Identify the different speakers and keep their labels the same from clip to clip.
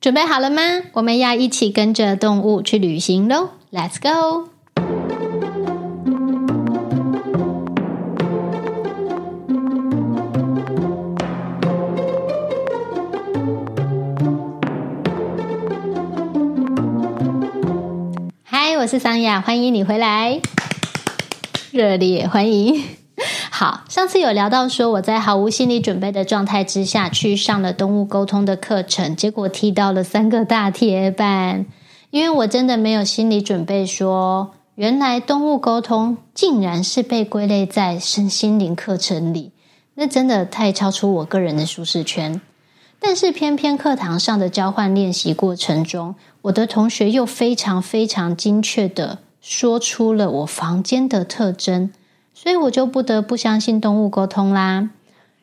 Speaker 1: 準備好了嗎？我們要一起跟着動物去旅行咯 Let's go！嗨，我是桑雅，歡迎你回來，熱烈歡迎！好，上次有聊到說，我在毫無心理準備的狀態之下去上了動物溝通的課程，結果踢到了三個大鐵板。因為我真的沒有心理準備說，原來動物溝通竟然是被歸類在身心靈課程裡，那真的太超出我個人的舒適圈。但是偏偏課堂上的交換練習過程中，我的同學又非常非常精確地說出了我房間的特徵。所以我就不得不相信動物溝通啦。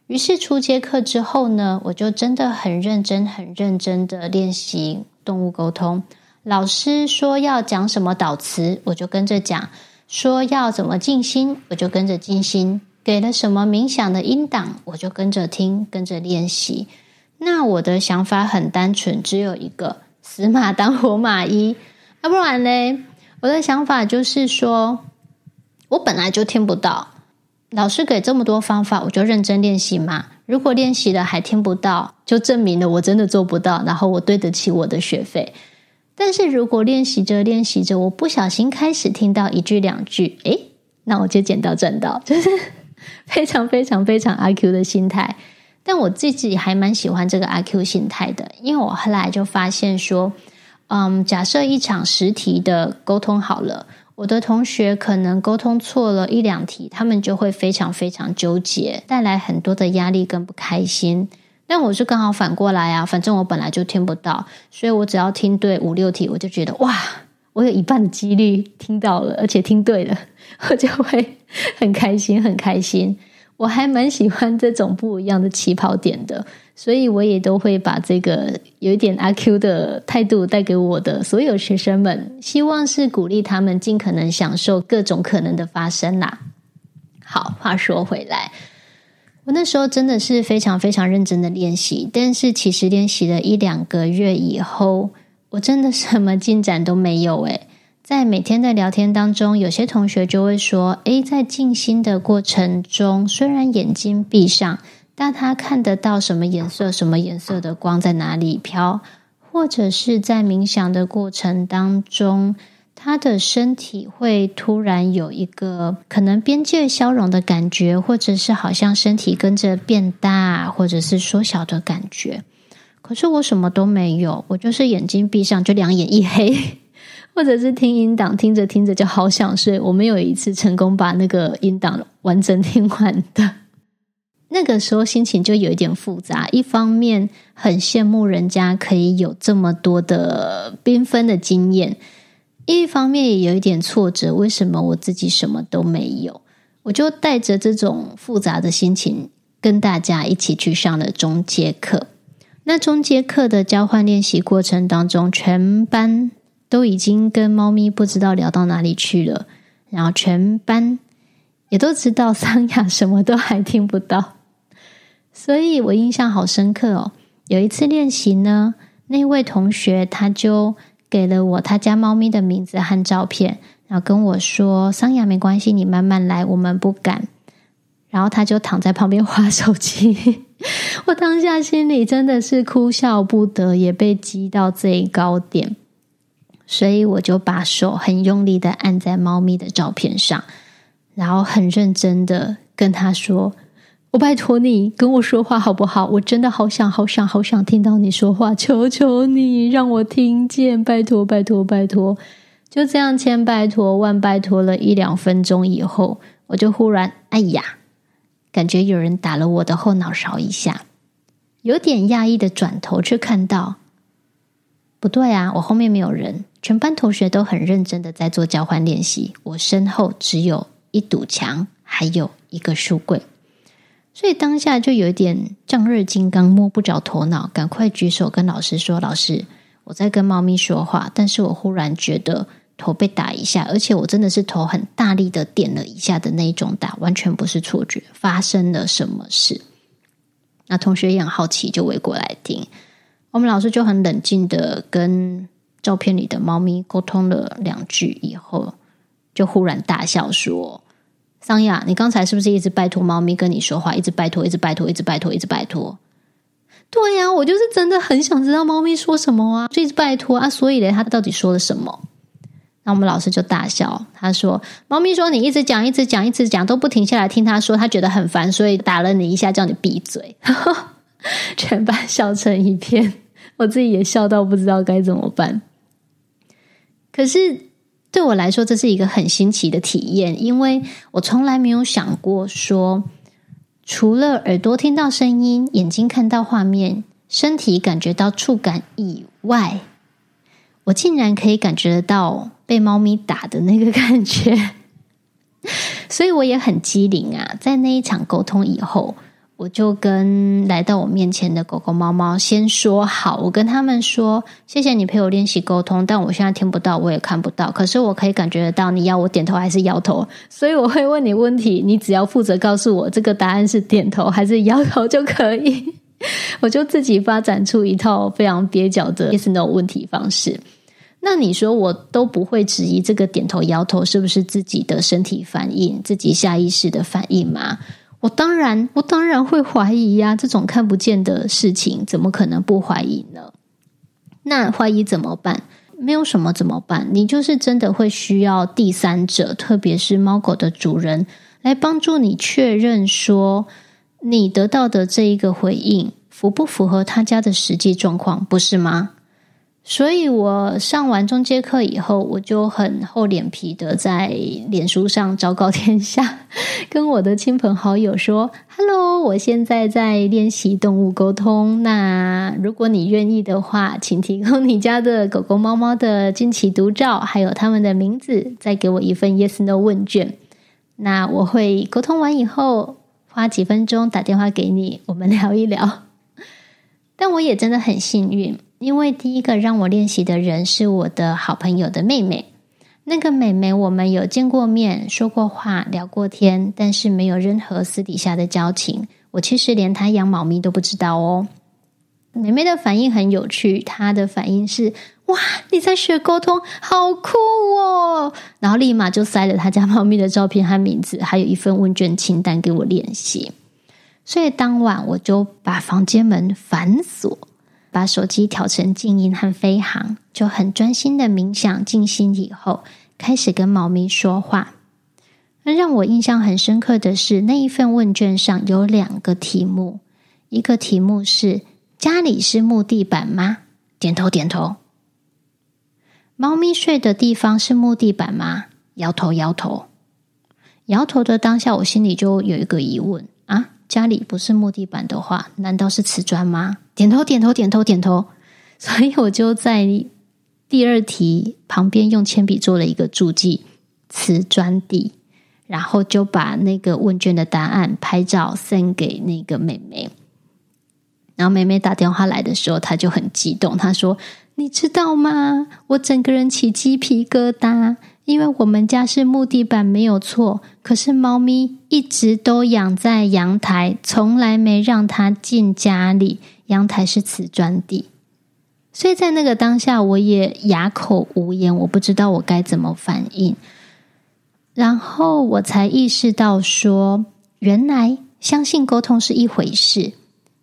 Speaker 1: 於是初階課之後呢，我就真的很認真、很認真的練習動物溝通。老師說要講什麼導詞，我就跟着講；說要怎麼靜心，我就跟着靜心；給了什麼冥想的音檔，我就跟着聽、跟着練習。那我的想法很單純，只有一個：死馬當活馬醫。要、啊、不然呢？我的想法就是說。我本來就聽不到，老師給這麼多方法，我就認真練習嘛。如果練習了還聽不到，就證明了我真的做不到。然後我對得起我的學費。但是如果練習着練習着，我不小心開始聽到一句兩句，誒，那我就撿到賺到，就是非常非常非常阿 Q 的心態。但我自己還蠻喜歡這個阿 Q 心態的，因為我後來就發現說，嗯，假設一場實體的溝通好了。我的同學可能溝通錯了一兩題，他們就會非常非常糾結，帶來很多的壓力跟不開心。但我是剛好反過來啊，反正我本來就聽不到，所以我只要聽對五六題，我就覺得哇，我有一半的幾率聽到了，而且聽對了，我就會很開心，很開心。我還蠻喜歡這種不一樣的起跑點的，所以我也都會把這個有一點阿 Q 的態度帶給我的所有學生們，希望是鼓勵他們儘可能享受各種可能的發生啦。好，話說回來，我那時候真的是非常非常認真的練習，但是其實練習了一兩個月以後，我真的什麼進展都沒有誒。在每天的聊天當中，有些同學就會說：“誒，在靜心的過程中，雖然眼睛閉上，但他看得到什麼顏色、什麼顏色的光在哪裡飄，或者是在冥想的過程當中，他的身體會突然有一個可能邊界消融的感覺，或者是好像身體跟着變大，或者是縮小的感覺。可是我什麼都沒有，我就是眼睛閉上，就兩眼一黑。”或者是聽音檔，聽着聽着就好想睡。我們有一次成功把那個音檔完整聽完的， 那個時候心情就有一點複雜。一方面很羨慕人家可以有這麼多的繽紛的經驗，一方面也有一點挫折。為什麼我自己什麼都沒有？我就帶着這種複雜的心情，跟大家一起去上了中階課。那中階課的交換練習過程當中，全班，都已經跟貓咪不知道聊到哪裡去了，然後全班也都知道桑雅什麼都還聽不到，所以我印象好深刻哦。有一次練習呢，那位同學他就給了我他家貓咪的名字和照片，然後跟我說：“桑雅沒關係，你慢慢來，我們不敢。”然後他就躺在旁邊滑手機， 我當下心裡真的是哭笑不得，也被激到最高點。所以我就把手很用力的按在貓咪的照片上，然後很認真的跟他說：“我拜托你跟我說話好不好？我真的好想好想好想聽到你說話，求求你讓我聽見，拜托拜托拜托！就這樣千拜托萬拜托了一兩分鐘以後，我就忽然哎呀，感覺有人打了我的後腦勺一下，有點訝異的轉頭去看到，不對啊，我後面沒有人。”全班同學都很認真的在做交換練習，我身後只有一堵牆，還有一個書櫃，所以當下就有一點丈二金剛摸不着頭腦，趕快舉手跟老師說：“老師，我在跟貓咪說話，但是我忽然覺得頭被打一下，而且我真的是頭很大力的點了一下的那一種打，完全不是錯覺，發生了什麼事？”那同學也很好奇就圍過來聽，我們老師就很冷靜的跟照片裡的貓咪溝通了兩句以後，就忽然大笑說：“桑雅、啊，你剛才是不是一直拜託貓咪跟你說話？一直拜託，一直拜託，一直拜託，一直拜託。”對呀、啊，我就是真的很想知道貓咪說什麼啊！就一直拜託啊！所以嘞，他到底說了什麼？那我們老師就大笑，他說：“貓咪說你一直講，一直講，一直講都不停下來聽他說，他覺得很煩，所以打了你一下，叫你閉嘴。 ”全班笑成一片，我自己也笑到不知道該怎麼辦。可是對我來說，這是一個很新奇的體驗，因為我從來沒有想過說，除了耳朵聽到聲音、眼睛看到畫面、身體感覺到觸感以外，我竟然可以感覺到被貓咪打的那個感覺， 所以我也很機靈啊，在那一場溝通以後。我就跟來到我面前的狗狗、貓貓先說好，我跟他們說：“謝謝你陪我練習溝通，但我現在聽不到，我也看不到，可是我可以感覺得到你要我點頭還是搖頭，所以我會問你問題，你只要負責告訴我這個答案是點頭還是搖頭就可以。 ”我就自己發展出一套非常蹩腳的 yes no 問題方式。那你說我都不會質疑這個點頭搖頭是不是自己的身體反應、自己下意識的反應嗎？我當然，我當然會懷疑呀！這種看不見的事情，怎麼可能不懷疑呢？那懷疑怎麼辦？沒有什麼怎麼辦，你就是真的會需要第三者，特別是貓狗的主人，來幫助你確認說，你得到的這一個回應符不符合他家的實際狀況，不是嗎？所以我上完中階課以後，我就很厚臉皮的在臉書上昭告天下，跟我的親朋好友說：“Hello，我現在在練習動物溝通。那如果你願意的話，請提供你家的狗狗、貓貓的近期獨照，還有他們的名字，再給我一份 Yes No 問卷。那我會溝通完以後，花幾分鐘打電話給你，我們聊一聊。但我也真的很幸運。”因為第一個讓我練習的人是我的好朋友的妹妹，那個妹妹我們有見過面、說過話、聊過天，但是沒有任何私底下的交情。我其實連她養貓咪都不知道哦。妹妹的反應很有趣，她的反應是：“哇，你在學溝通，好酷哦！”然後立馬就塞了她家貓咪的照片和名字，還有一份問卷清單給我練習。所以當晚我就把房間門反鎖。把手機調成靜音和飛行，就很專心的冥想靜心。以後開始跟貓咪說話。那讓我印象很深刻的是，那一份問卷上有兩個題目，一個題目是家裡是木地板嗎？點頭點頭。貓咪睡的地方是木地板嗎？搖頭搖頭。搖頭的當下，我心裡就有一個疑問。家裡不是木地板的話，難道是瓷磚嗎？點頭，點頭，點頭，點頭。所以我就在第二題旁邊用鉛筆做了一個注記：瓷磚地。然後就把那個問卷的答案拍照送給那個妹妹。然後妹妹打電話來的時候，她就很激動，她說：“你知道嗎？我整個人起雞皮疙瘩。”因為我們家是木地板，沒有錯。可是貓咪一直都養在陽台，從來沒讓它進家裡。陽台是瓷磚地，所以在那個當下，我也啞口無言，我不知道我該怎麼反應。然後我才意識到說，說原來相信溝通是一回事，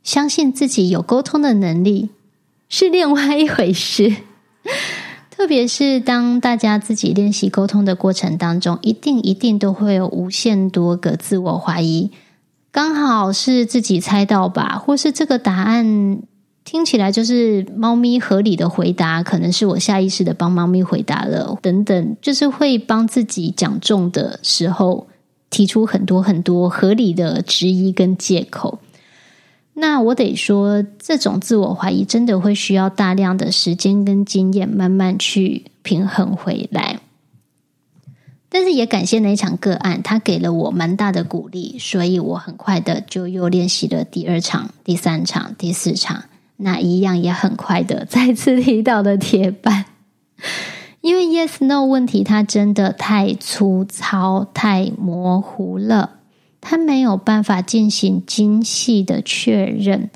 Speaker 1: 相信自己有溝通的能力是另外一回事。特別是當大家自己練習溝通的過程當中，一定一定都會有無限多個自我懷疑，剛好是自己猜到吧，或是這個答案聽起來就是貓咪合理的回答，可能是我下意識的幫貓咪回答了，等等，就是會幫自己講重的時候，提出很多很多合理的質疑跟借口。那我得說，這種自我懷疑真的會需要大量的時間跟經驗，慢慢去平衡回來。但是也感謝那一場個案，他給了我蠻大的鼓勵，所以我很快的就又練習了第二場、第三場、第四場，那一樣也很快的再次踢到了鐵板。因為 yes no 問題，它真的太粗糙、太模糊了。他沒有辦法進行精細的確認，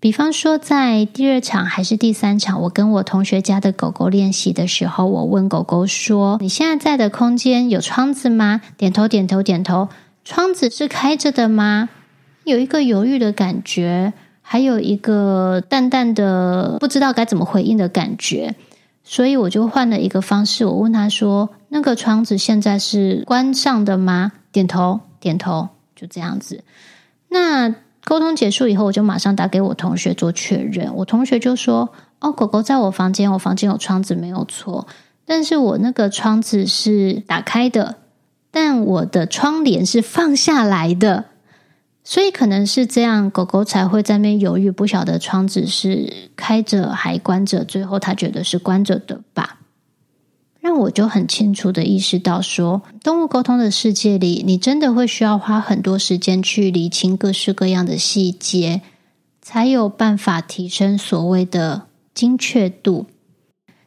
Speaker 1: 比方說在第二場還是第三場，我跟我同學家的狗狗練習的時候，我問狗狗說：“你現在在的空間有窗子嗎？”點頭，點頭，點頭。窗子是開着的嗎？有一個猶豫的感覺，還有一個淡淡的不知道該怎麼回應的感覺，所以我就換了一個方式，我問他說：“那個窗子現在是關上的嗎？”點頭。點頭，就這樣子。那溝通結束以後，我就馬上打給我同學做確認。我同學就說：“哦，狗狗在我房間，我房間有窗子，沒有錯。但是我那個窗子是打開的，但我的窗簾是放下來的，所以可能是這樣，狗狗才會在那邊猶豫，不曉得窗子是開着還關着。最後他覺得是關着的吧。”那我就很清楚的意識到說，說動物溝通的世界裡，你真的會需要花很多時間去理清各式各樣的細節，才有辦法提升所謂的精確度。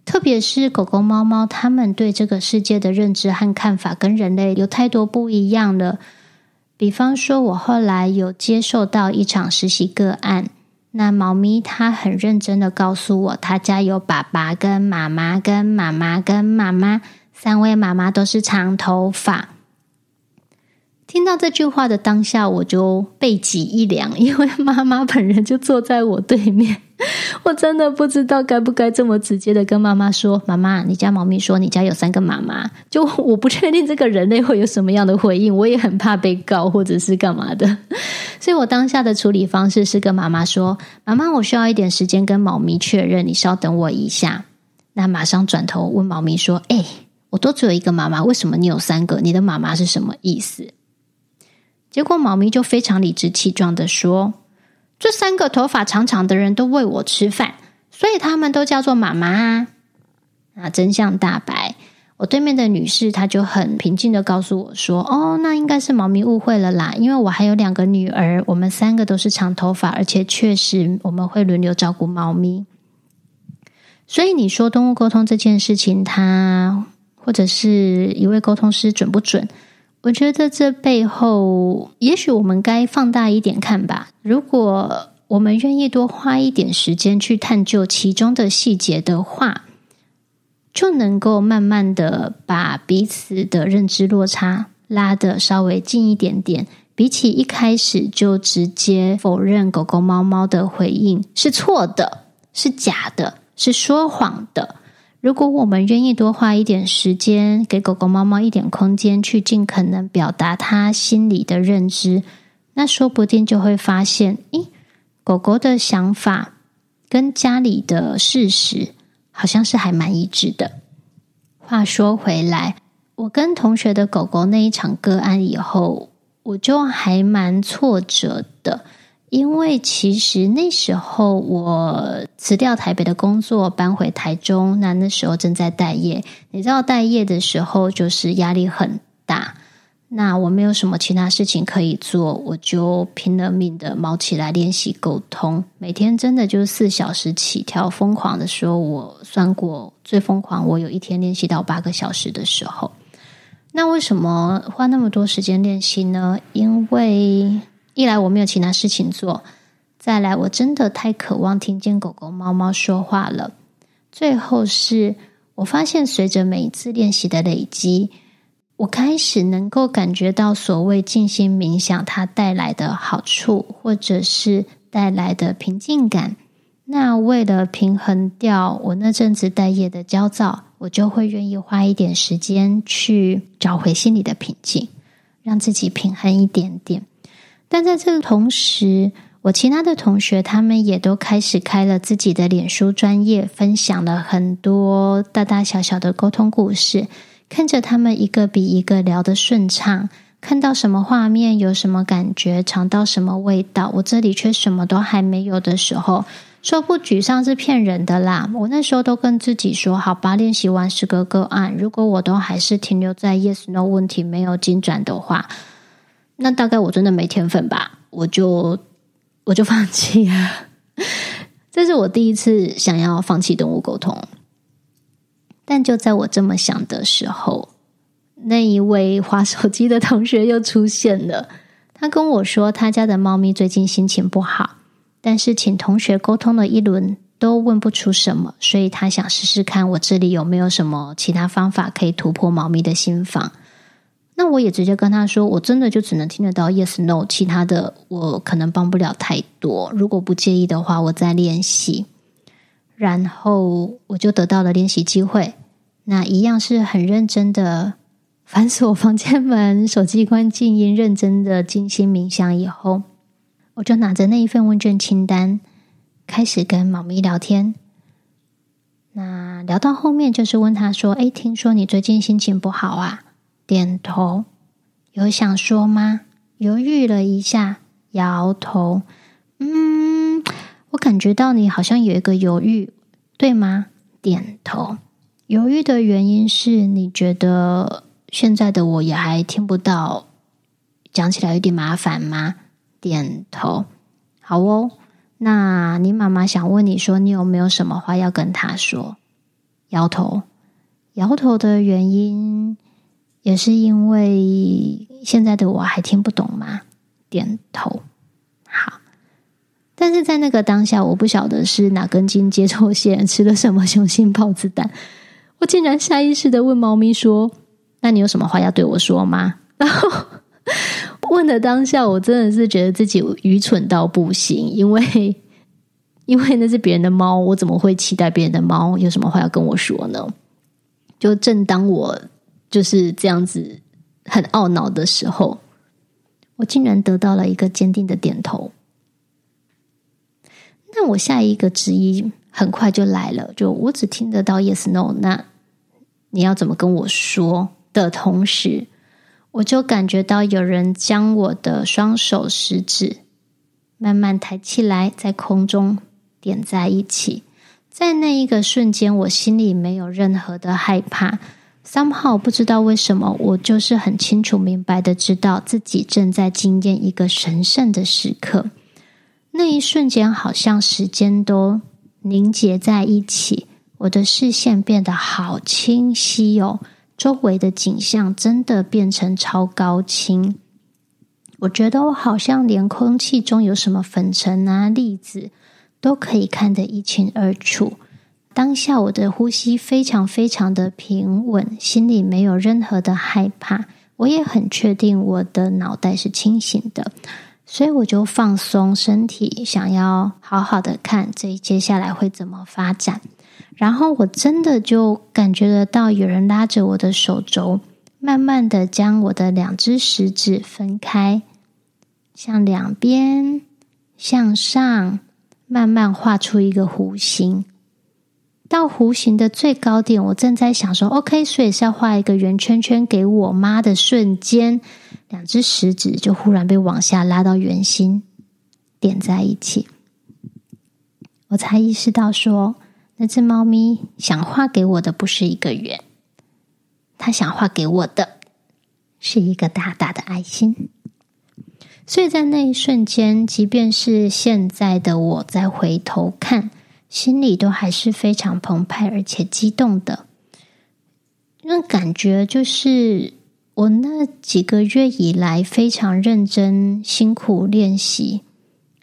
Speaker 1: 特別是狗狗、貓貓，它們對這個世界的認知和看法，跟人類有太多不一樣了。比方說，我後來有接受到一場實習個案。那貓咪它很認真的告訴我，它家有爸爸跟媽媽跟媽媽跟媽媽，三位媽媽都是長頭髮。聽到這句話的當下，我就背脊一涼，因為媽媽本人就坐在我對面。我真的不知道該不該這麼直接的跟媽媽說，媽媽，你家貓咪說你家有三個媽媽，就我不確定這個人類會有什麼樣的回應，我也很怕被告或者是幹嘛的， 所以我當下的處理方式是跟媽媽說，媽媽，我需要一點時間跟貓咪確認，你稍等我一下。那馬上轉頭問貓咪說，哎、欸，我都只有一個媽媽，為什麼你有三個？你的媽媽是什麼意思？結果貓咪就非常理直氣壯的說，這三個頭髮長長的人都餵我吃飯，所以他們都叫做媽媽啊！真相大白，我對面的女士她就很平靜地告訴我說：“哦，那應該是貓咪誤會了啦，因為我還有兩個女兒，我們三個都是長頭髮，而且確實我們會輪流照顧貓咪。所以你說動物溝通這件事情，它或者是一位溝通師準不準？”我覺得這背後，也許我們該放大一點看吧。如果我們願意多花一點時間去探究其中的細節的話，就能夠慢慢的把彼此的認知落差拉得稍微近一點點。比起一開始就直接否認狗狗貓貓的回應是錯的、是假的、是說謊的。如果我們願意多花一點時間，給狗狗、貓貓一點空間，去盡可能表達它心裡的認知，那說不定就會發現，誒，狗狗的想法跟家裡的事實好像是還蠻一致的。話說回來，我跟同學的狗狗那一場個案以後，我就還蠻挫折的。因為其實那時候我辭掉台北的工作，搬回台中。那那時候正在待業，你知道待業的時候就是壓力很大。那我沒有什麼其他事情可以做，我就拼了命的卯起來練習溝通。每天真的就是四小時起跳，瘋狂的說。我算過最瘋狂，我有一天練習到八個小時的時候。那為什麼花那麼多時間練習呢？因為。一來我沒有其他事情做，再來我真的太渴望聽見狗狗、貓貓說話了。最後是我發現，隨着每一次練習的累積，我開始能夠感覺到所謂靜心冥想它帶來的好處，或者是帶來的平靜感。那為了平衡掉我那陣子待業的焦躁，我就會願意花一點時間去找回心裡的平靜，讓自己平衡一點點。但在這個同時，我其他的同學他們也都開始開了自己的臉書專頁，分享了很多大大小小的溝通故事。看着他們一個比一個聊得順暢，看到什麼畫面，有什麼感覺，嘗到什麼味道，我這裡卻什麼都還沒有的時候，說不沮喪是騙人的啦。我那時候都跟自己說，好吧，練習完十個個案，如果我都還是停留在 yes no 問題，沒有進展的話。那大概我真的沒天分吧，我就我就放棄啊！ 這是我第一次想要放棄動物溝通，但就在我這麼想的時候，那一位滑手機的同學又出現了。他跟我說，他家的貓咪最近心情不好，但是請同學溝通了一輪，都問不出什麼，所以他想試試看我這裡有沒有什麼其他方法可以突破貓咪的心防。那我也直接跟他說，我真的就只能聽得到 yes no，其他的我可能幫不了太多。如果不介意的話，我再練習。然後我就得到了練習機會，那一樣是很認真的反鎖房間門，手機關靜音，認真的靜心冥想以後，我就拿着那一份問卷清單開始跟貓咪聊天。那聊到後面就是問他說：“誒，聽說你最近心情不好啊？”點頭，有想說嗎？猶豫了一下，搖頭。嗯，我感覺到你好像有一個猶豫，對嗎？點頭。猶豫的原因是你覺得現在的我也還聽不到，講起來有點麻煩嗎？點頭。好哦，那你媽媽想問你說，你有沒有什麼話要跟她說？搖頭。搖頭的原因。也是因為現在的我還聽不懂嗎？點頭。好，但是在那個當下，我不曉得是哪根筋接錯線，吃了什麼熊心豹子膽。我竟然下意識的問貓咪說：“那你有什麼話要對我說嗎？”然後問的當下，我真的是覺得自己愚蠢到不行，因為因為那是別人的貓，我怎麼會期待別人的貓有什麼話要跟我說呢？就正當我。就是這樣子，很懊惱的時候，我竟然得到了一個堅定的點頭。那我下一個質疑很快就來了，就我只聽得到 yes no，那你要怎麼跟我說？的同時，我就感覺到有人將我的雙手食指慢慢抬起來，在空中點在一起。在那一個瞬間，我心裡沒有任何的害怕。Somehow, 不知道為什麼，我就是很清楚明白的知道自己正在經驗一個神聖的時刻。那一瞬間，好像時間都凝結在一起，我的視線變得好清晰哦，周圍的景象真的變成超高清。我覺得我好像連空氣中有什麼粉塵啊、粒子都可以看得一清二楚。當下我的呼吸非常非常的平穩，心裡沒有任何的害怕，我也很確定我的腦袋是清醒的，所以我就放鬆身體，想要好好的看這接下來會怎麼發展。然後我真的就感覺得到有人拉着我的手肘，慢慢的將我的兩隻食指分開，向兩邊，向上，慢慢畫出一個弧形。到弧形的最高點，我正在想說 “OK”，所以是要畫一個圓圈圈給我媽的瞬間，兩隻食指就忽然被往下拉到圓心，點在一起。我才意識到說，說那隻貓咪想畫給我的不是一個圓，它想畫給我的是一個大大的愛心。所以在那一瞬間，即便是現在的我再回頭看。心裡都還是非常澎湃而且激動的，那感覺就是我那幾個月以來非常認真辛苦練習，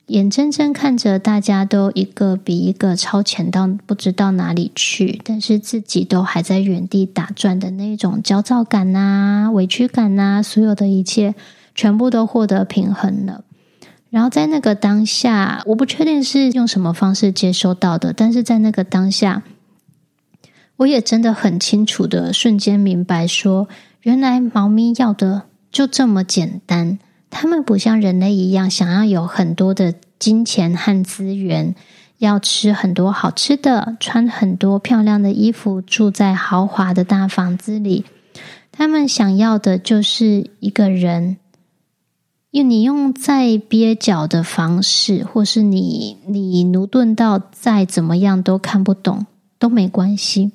Speaker 1: 眼睜睜看着大家都一個比一個超前到不知道哪裡去，但是自己都還在原地打轉的那種焦躁感吶、啊、委屈感吶、啊，所有的一切全部都獲得平衡了。然後在那個當下，我不確定是用什麼方式接收到的，但是在那個當下，我也真的很清楚的瞬間明白說，說原來貓咪要的就這麼簡單。他們不像人類一樣，想要有很多的金錢和資源，要吃很多好吃的，穿很多漂亮的衣服，住在豪華的大房子裡。他們想要的就是一個人。因為你用再蹩腳的方式，或是你你駑鈍到再怎麼樣都看不懂都沒關係。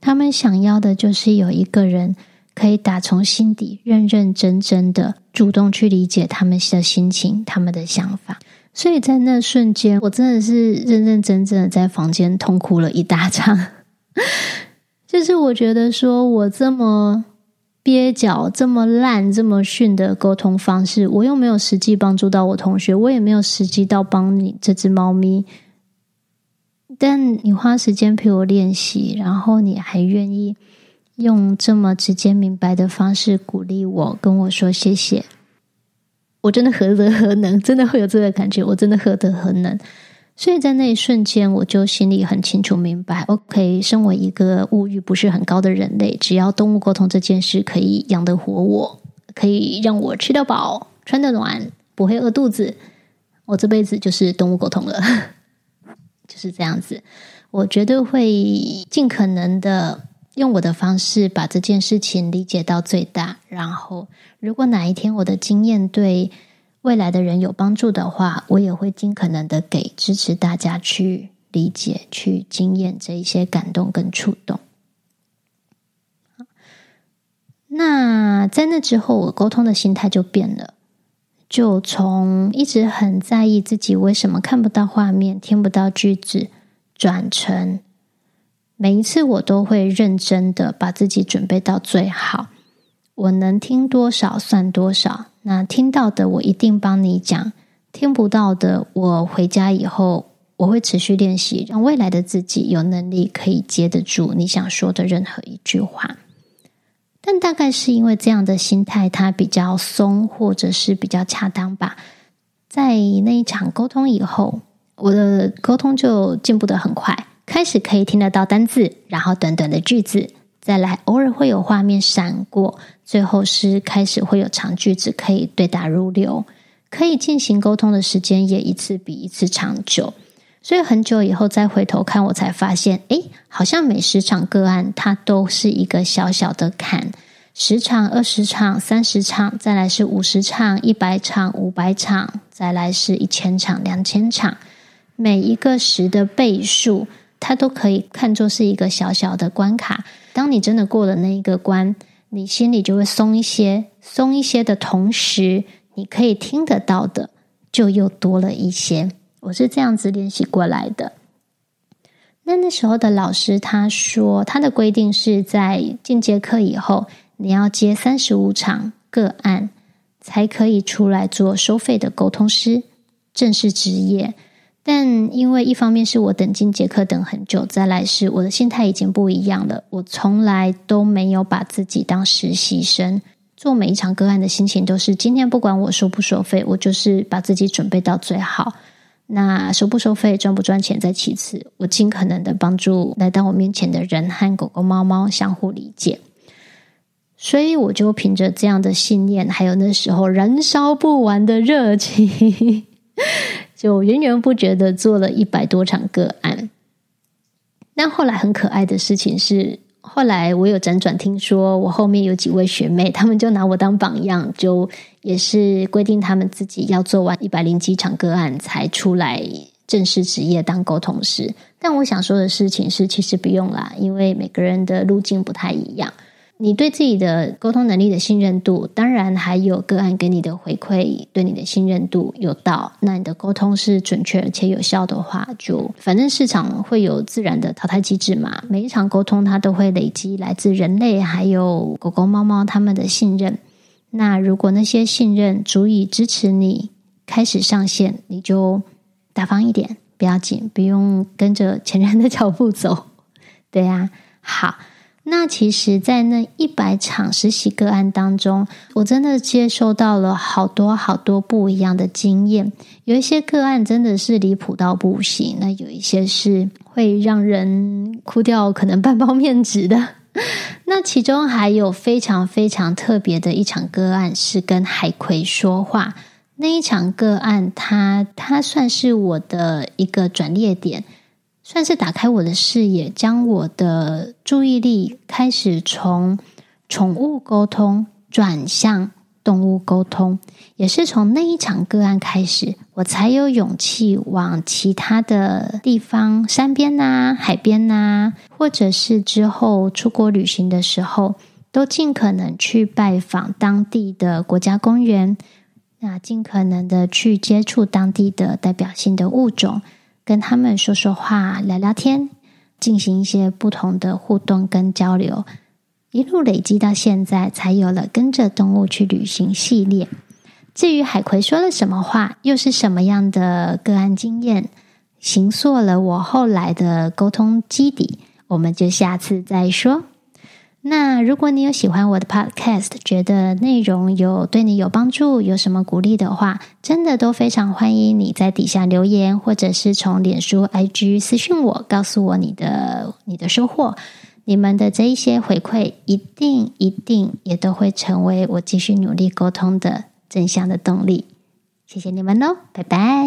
Speaker 1: 他們想要的就是有一個人可以打從心底認認真真的主動去理解他們的心情、他們的想法。所以在那瞬間，我真的是認認真真的在房間痛哭了一大場。 就是我覺得說我這麼蹩腳、這麼爛、這麼遜的溝通方式，我又沒有實際幫助到我同學，我也沒有實際到幫你這隻貓咪。但你花時間陪我練習，然後你還願意用這麼直接、明白的方式鼓勵我，跟我說謝謝，我真的何德何能？真的會有這個感覺，我真的何德何能？所以在那一瞬間，我就心裡很清楚明白。OK，身為一個物欲不是很高的人類，只要動物溝通這件事可以養得活我，可以讓我吃得飽、穿得暖，不會餓肚子，我這輩子就是動物溝通了， 就是這樣子。我絕對會盡可能的用我的方式把這件事情理解到最大。然後，如果哪一天我的經驗對。未來的人有幫助的話，我也會盡可能的給支持大家去理解、去經驗這一些感動跟觸動。那在那之後，我溝通的心態就變了，就從一直很在意自己為什麼看不到畫面、聽不到句子，轉成每一次我都會認真的把自己準備到最好，我能聽多少算多少。那聽到的我一定幫你講，聽不到的我回家以後我會持續練習，讓未來的自己有能力可以接得住你想說的任何一句話。但大概是因為這樣的心態，它比較鬆或者是比較恰當吧。在那一場溝通以後，我的溝通就進步得很快，開始可以聽得到單字，然後短短的句子，再來偶爾會有畫面閃過。最後是開始會有長句子可以對答如流，可以進行溝通的時間也一次比一次長久。所以很久以後再回頭看，我才發現，誒，好像每十場個案，它都是一個小小的坎。十場、二十場、三十場，再來是五十場、一百場、五百場，再來是一千場、兩千場，每一個十的倍數，它都可以看作是一個小小的關卡。當你真的過了那一個關。你心裡就會鬆一些，鬆一些的同時，你可以聽得到的就又多了一些。我是這樣子練習過來的。那那時候的老師他說，他的規定是在進階課以後，你要接三十五場個案，才可以出來做收費的溝通師，正式職業。但因為一方面是我等金杰克等很久，再來是我的心態已經不一樣了。我從來都沒有把自己當實習生，做每一場個案的心情都是：今天不管我收不收費，我就是把自己準備到最好。那收不收費、賺不賺錢在其次，我盡可能的幫助來到我面前的人和狗狗、貓貓相互理解。所以我就憑着這樣的信念，還有那時候燃燒不完的熱情。 就源源不絕地做了一百多場個案，那後來很可愛的事情是，後來我有輾轉聽說，我後面有幾位學妹，她們就拿我當榜樣，就也是規定她們自己要做完一百零幾場個案才出來正式職業當溝通師。但我想說的事情是，其實不用啦，因為每個人的路徑不太一樣。你對自己的溝通能力的信任度，當然還有個案給你的回饋對你的信任度有到，那你的溝通是準確而且有效的話，就反正市場會有自然的淘汰機制嘛。每一場溝通它都會累積來自人類還有狗狗貓貓他們的信任。那如果那些信任足以支持你開始上線，你就大方一點，不要緊，不用跟着前人的腳步走。對呀，好。那其實，在那一百場實習個案當中，我真的接收到了好多好多不一樣的經驗。有一些個案真的是離譜到不行，那有一些是會讓人哭掉可能半包面紙的。 那其中還有非常非常特別的一場個案，是跟海葵說話。那一場個案，它它算是我的一個轉捩點。算是打開我的視野，將我的注意力開始從寵物溝通轉向動物溝通，也是從那一場個案開始，我才有勇氣往其他的地方、山邊吶、啊、海邊吶、啊，或者是之後出國旅行的時候，都盡可能去拜訪當地的國家公園，那盡可能的去接觸當地的代表性的物種。跟他們說說話、聊聊天，進行一些不同的互動跟交流，一路累積到現在，才有了跟着動物去旅行系列。至於海葵說了什麼話，又是什麼樣的個案經驗，形塑了我後來的溝通基底，我們就下次再說。那如果你有喜歡我的 podcast，覺得內容有對你有幫助，有什麼鼓勵的話，真的都非常歡迎你在底下留言，或者是從臉書、IG 私訊我，告訴我你的你的收穫，你們的這一些回饋，一定一定也都會成為我繼續努力溝通的正向的動力。謝謝你們哦，拜拜。